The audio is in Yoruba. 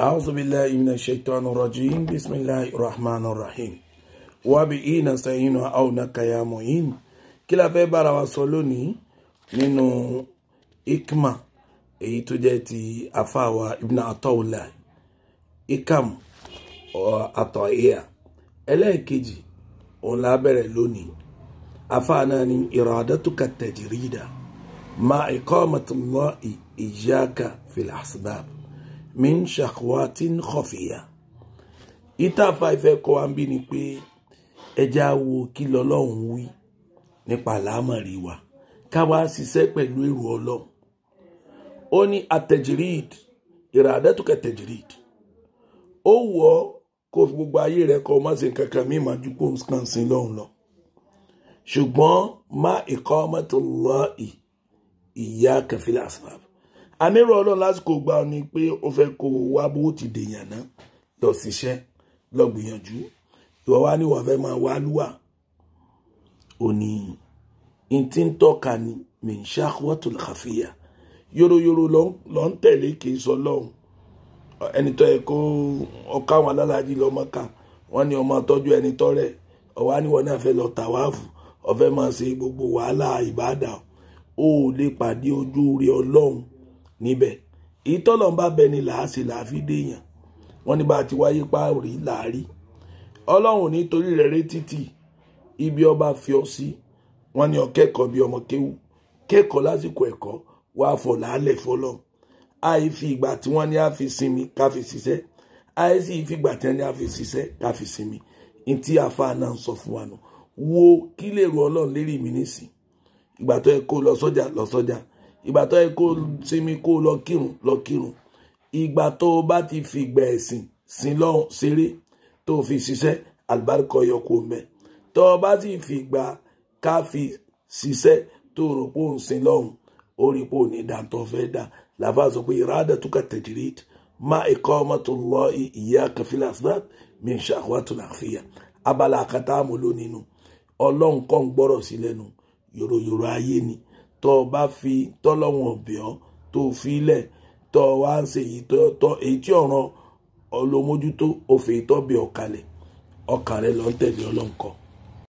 أعوذ بالله من الشيطان الرجيم بسم الله الرحمن الرحيم وبئي نستعين وعونك يا معين kí la fẹ́ bára wa sọ lónìí nínú ikma èyí tó jẹ́ ti afáwa ibn atọ́wùlà ikam atọ́ìyà ẹlẹ́ẹ̀kejì òun la bẹ̀rẹ̀ lónìí afá náà ni iradatuka tajrida ma iqamatullahi iyaka fil asbab min shakwatin kọfìyà ìtàfà ìfẹ́ kọ́ wa ń bí ni pé ẹja wo kí lọ́lọ́run wí nípa àlámọ̀rí wa ká wá ṣiṣẹ́ pẹ̀lú èrò ọlọ́run ó ní atẹ̀jìrìd ìràdẹ́tùkẹ̀ tẹ̀jìrìd ó wọ̀ ọ́ kó gbogbo ayé rẹ̀ kọ́ má ṣe kankan mí máa ju kó sí lọ́run lọ ṣùgbọ́n má iqamatullahi iyyaka fil asbab àníró ọlọ́run lásìkò gba ọ ni pé ó fẹ́ kó wá bó ti dèèyàn ná lọ síṣẹ́ lọ gbìyànjú ìwọ wá ní ìwọ fẹ́ máa wá lúwà ò ní n tí ń tọ́ka ni minshakwatul khafiya yóróyóró lọ ń tẹ̀lé kì í sọ lọ́hùn ẹni tó yẹ kó ọkọ àwọn alálàájì lọ́mọ kà wọ́n ní ọmọ tọ́jú ẹni tọ́rẹ̀ ọ̀wá níwọ̀n náà fẹ́ lọ tàwáàfù ọ̀fẹ́ máa ṣe gbogbo wàhálà ìbádà ó lè pàdé ojú rí ọlọ́run níbẹ̀ ìtọ́lọ̀ ń bá bẹ ni làásì làáfi déèyàn wọ́n ní bá ti wáyé páàrí làárí ọlọ́run nítorí rẹ̀ rẹ́ títì ibi ọba fi ọ sí wọ́n ní ọkẹ́kọ̀ọ́ bíi ọmọ kéwú kẹ́kọ̀ọ́ lásìkò ẹ̀kọ́ wàá fọ̀ làálẹ̀ fọlọ́run àìfi ìgbà tí wọ́n ní a fi sinmi ká fi ṣiṣẹ́ àìsí ìfìgbà tí wọ́n ní a ṣiṣẹ́ ká fi sinmi ntí àfa náà ń sọ fún wa nù wo kí lè ro ọlọ́run lérí mi nísìn ìgbà tó yẹ kó lọ sọ́jà lọ sọ́jà ìgbà tó yẹ kó sinmi kó lọ kírun lọ kírun ìgbà tó o bá ti fi ìgbà ẹ̀sìn sin lọ́hùn ṣeré tó o fi ṣiṣẹ́ àlùbáríkọ yọ kó mẹ́ tó o bá ti fi ìgbà ká fi ṣiṣẹ́ tó rò pé òun sin lọ́hùn ó rí pé òní dàtọ̀ fẹ́ dà làbá sọ pé ìrádà tó kà tẹ̀jìrìd má ikọ́ ọmọ tó lọ ìyá kẹfìlà snap mi ń ṣàkóso tó làáfíà abala àkàtà àmúlò nínú ọlọ́run kọ́ ń gbọ́rọ̀ sí lẹ́nu yòròyòrò ayé ni tó o bá fi tọ́lọ́wọ̀n ọ̀bẹ̀ ọ́ tó o fi lẹ̀ tó o wá ń ṣe èyí tí ọ̀ràn ọlọ́mójútó òfin ìtọ́bẹ̀ ọ̀kalẹ̀ ọkàn rẹ lọ ń tẹ̀lé ọlọ́nkọ̀ọ́.